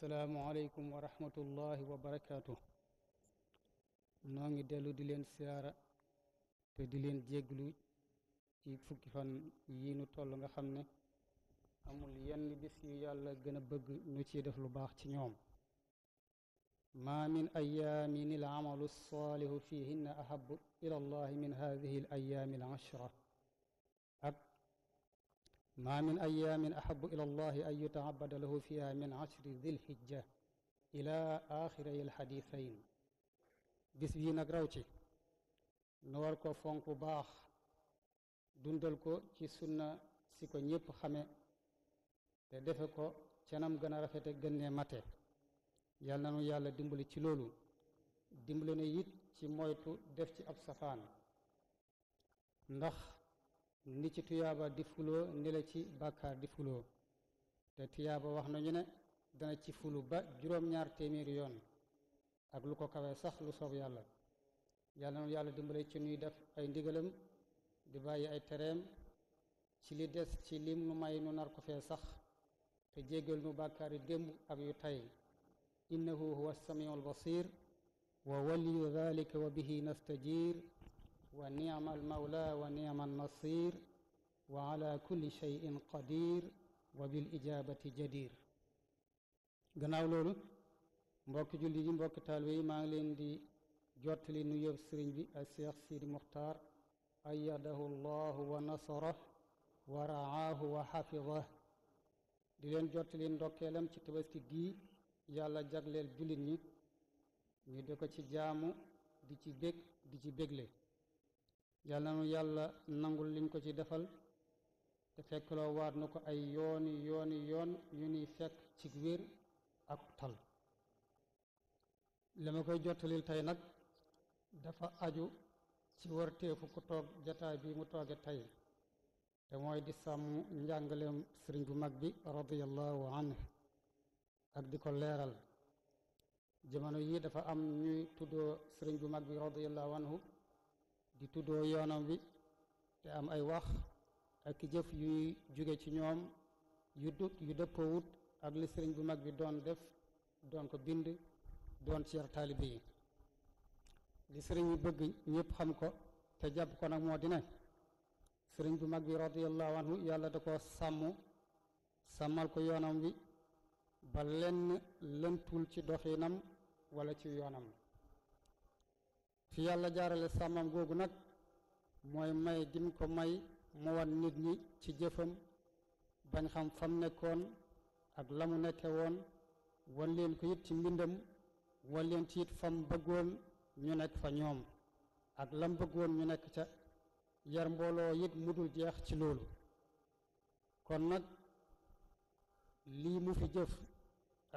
assalaamu aleykum wa rahmatullahi wa barakaatu noo ngi dellu di leen siyaara te di leen jégglu ci fukki fan yi nu toll nga xam ne amul yenn bis yu yàlla gën a bëgg nu ci def lu baax ci ñoom ما من أيام العمل الصالح فيهن أحب إلى الله من هذه الأيام العشرة maa min ayaamin ahabu ila ay an yutaabada lahu fiha min ashri dilhijja ila axiray alxadisayn bis bii nag raw ci nu war ko fonk bu baax dundal ko ci sunna si ko ñépp xame te defe ko cenam gën a rafete gën ne mate yal na yàlla dimbali ci loolu dimbali ne it ci moytu def ci ab safaan ndax ni ci tuyaaba di fuloo ni la ci bàkkaar di fuloo te tuyaaba wax nañu ne dana ci fulu ba juróom-ñaar téeméeri yoon ak lu ko kawee sax lu soob yàlla yàlla noonu yàlla dimbale ci nuy def ay ndigalam di bàyyi ay tereem ci li des ci lim nu may nu nar ko fee sax te jéggal nu bàkkaar yi démb ak yu tay innahu huwa samiul basir wa waliyu dalika wa bihi nastajiir ونعم المولى ونعم النصير وعلى كل شيء قدير وبالإجابة جدير gannaaw loolu mbokki julli yi mbokki taalibe yi maa leen di jottali nu yëpp bi ak Cheikh Sidi Muxtaar ayyadahu llahu wa nasarah wa raahu wa xafidah di leen jottali ndokkeelam ci tabaski gii yàlla jagleel jullit ñi ñu di ci jaamu di ci bég yàlla yàlla nangu liñ ko ci defal te fekkloo waat na ko ay yooni yooni yoon yu nuy fekk ci wér ak tal li koy jottalil tey nag dafa aju ci warteefu ku toog jataay mu tooge tey te mooy di sàmm njàngaleem sëriñ bu mag bi radiyallahu anhu ak di ko leeral jamono yii dafa am ñuy tuddoo sëriñ bu mag bi radiyallahu anhu di tuddoo yoonam wi te am ay wax ak jëf yuy jóge ci ñoom yu dut yu dëppoowut ak li sëriñ bu mag bi doon def doon ko bind doon ci yar taalibe yi li sëriñ bëgg ñëpp xam ko te jàpp ko nag moo di ne sëriñ bu mag bi radiyallahu anhu yàlla da ko sàmm sàmmal ko yoonam wi ba lenn lëntul ci doxinam wala ci yoonam ci yàlla jaarale sàmmam googu nag mooy may gin ko may mu nit ñi ci jëfam bañ xam fam nekkoon ak la mu nekke woon wan leen ko it ci mbindam wan leen ci it fam bëggoon ñu nekk fa ñoom ak lam bëggoon ñu nekk ca yar mbooloo it mu dul jeex ci loolu kon nag lii mu fi jëf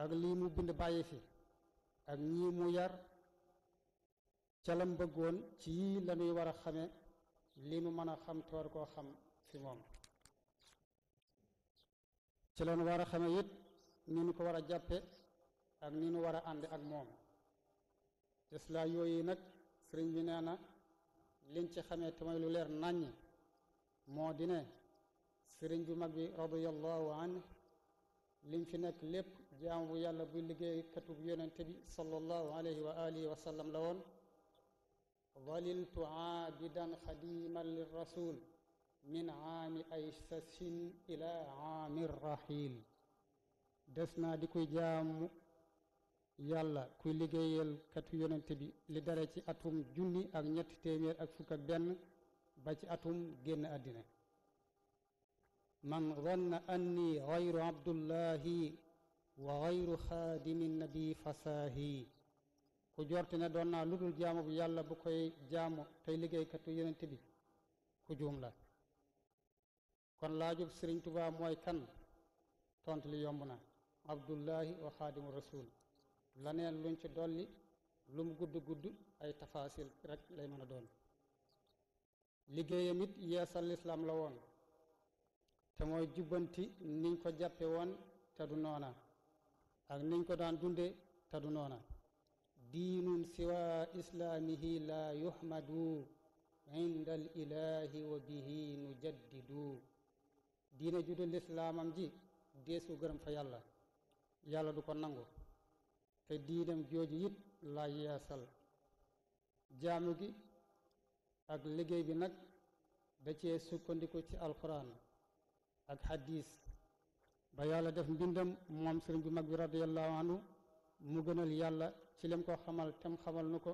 ak lii mu bind bàyyi fi ak ñii mu yar ca lam bëggoon ci yii la war a xame li nu mën a xam te war koo xam fi moom ci la war a xame it ni nu ko war a jàppe ak ni nu war a ànd ak moom deslaa yooyu nag sëriñ bi nee na liñ ci xamee te lu leer nàññ moo di ne sëriñ bu mag bi radiyallahu anhu lim fi nekk lépp jaam bu yàlla buy liggéey katub yonente bi sallallahu alayhi wa alihi wa sallam la woon ظللت عابدا خديما للرسول من عام ايسس الى عام الرحيل دسنا ديكو جام يالا كوي ليغييل كاتو يونتي بي لي اتوم جوني اك تيمير اك بن با اتوم ген ادينا من ظن اني غير عبد الله وغير خادم النبي فساهي ku jorti ne doon naa dul jaamu bu yàlla bu koy jaamu tey liggéeykatu yonent bi ku juum la kon laajub sëriñ tubaa mooy kan tont li yomb na abdullahi wa xaadimu rasul laneen luñ ci dolli lum gudd gudd ay tafaasil rek lay mën a doon liggéeyam it yeesal lislaam la woon te mooy jubbanti niñ ko jàppe woon te du noona ak niñ ko daan dunde te du noona diinun siwa islaamihi laa yuhmadu inda al ilaahi wa bihi nu jaddidu ju dul islaamam ji deesu gërëm fa yàlla yàlla du ko nangu te diinam jooju it laa yeesal jaamu gi ak liggéey bi nag da cee sukkandiku ci alquran ak xadiis ba yàlla def mbindam moom sëriñ bu mag bi radiyallahu anhu mu gënal yàlla ci lem ko xamal tem xamal nu ko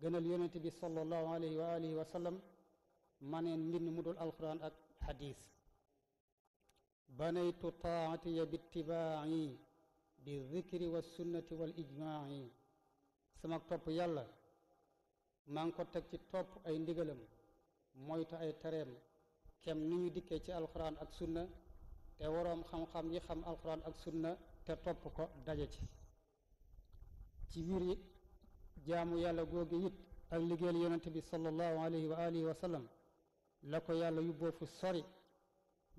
gënal yonent bi sallallahu alayhi wa alihi wa sallam maneen mbind mu dul alquran ak xadis banaytu taatiya bittibaayi bi zikri wa sunnati wal ijmaayi sama topp yàlla maa ngi ko teg ci topp ay ndigalam moytu ay tereem kem ni ñu dikkee ci alquran ak sunna te waroom xam-xam yi xam alquran ak sunna te topp ko daje ci ci yi jaamu yàlla googu it ak liggéeyal yonent bi sallallahu alayhi wa alihi wa sallam la ko yàlla yu fu sori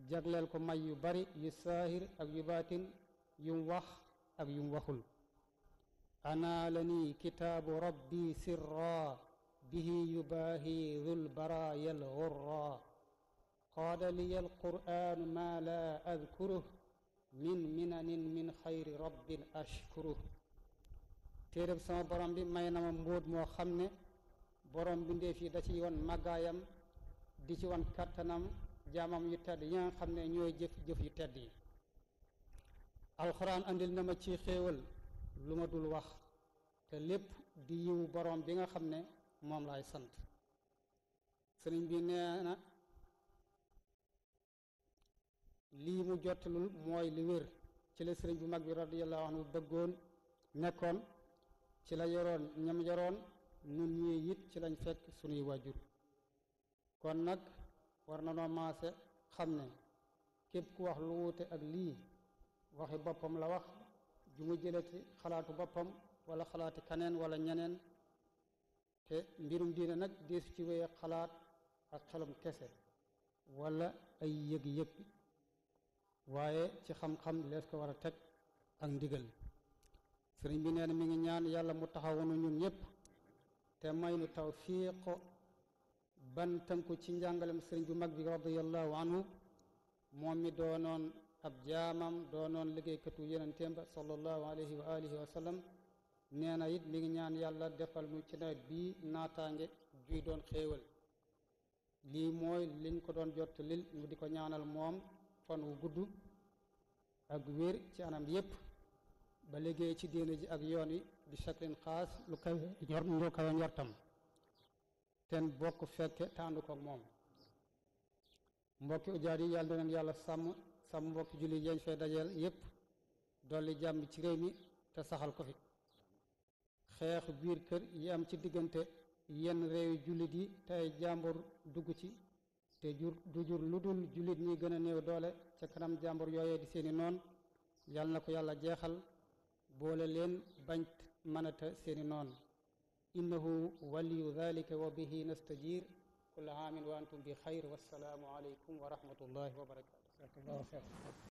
jagleel ko may yu bari yu saahir ak yu baatin yum wax ak yum waxul anaalani kitaabu rabbi sirra bihi yubaahi dul baraaya al gurra qaala liya alqur'aanu maa laa adkuruh min minanin min xayri rabbin ashkuruh téeréb sama borom bi may na ma mbóot moo xam ne boroom bindee fii da ci won di ci wan kàttanam jaamam yu tedd yi nga xam ne ñooy jëf jëf yu tedd yi alxuraan andil na ma ci xéewal lu ma dul wax te lépp di yiwu borom bi nga xam ne moom lay sant sëriñ bi nee na lii mu jottalul mooy li wér ci la sëriñ bu mag bi radiyallahu anhu bëggoon nekkoon ci la yoroon ñam yoroon nun ñii it ci lañ fekk sunuy waajur kon nag war na noo maase xam ne képp ku wax lu wuute ak lii waxi boppam la wax ju mu ci xalaatu boppam wala xalaati kaneen wala ñeneen te mbirum diine nag deesu ci wéye xalaat ak xelum kese wala ay yëg-yëg waaye ci xam-xam lees ko war a teg ak ndigal sëriñ bi nee na mi ngi ñaan yàlla mu taxawunu ñun ñëpp te may nu tawfiq ban tënku ci njàngalem sëriñ bu mag bi radiallahu anhu moom mi doonoon ab jaamam doonoon liggéeykatu yenenteem ba sallallahu alayhi wa alihi wa sallam nee na it mi ngi ñaan yàlla defal nu ci nawet bii naataange juy doon xéewal lii mooy liñ ko doon jot lil ñu di ko ñaanal moom fan wu gudd ak wér ci anam yépp ba liggéey ci diine ji ak yoon yi di shaklin xaas lu kawe ñor lu njortam ten bokk fekke tàndu koog moom mbokki ujaar yi yàlla na leen yàlla sàmm sàmm mbokki julli yeñ fee dajeel yépp dolli jàmm ci réew mi te saxal ko fi xeexu biir kër yi am ci diggante yenn réewi jullit yi tey jàmbur dugg ci te jur du jur lu dul jullit ñi gën a néew doole ca kanam jàmbur yooyee di seeni noon yàlla na ko yàlla jeexal boole leen bañ mënata seeni noon innahu waliyu dhalika wa bihi nastajir كل عام وأنتم بخير والسلام عليكم ورحمة الله وبركاته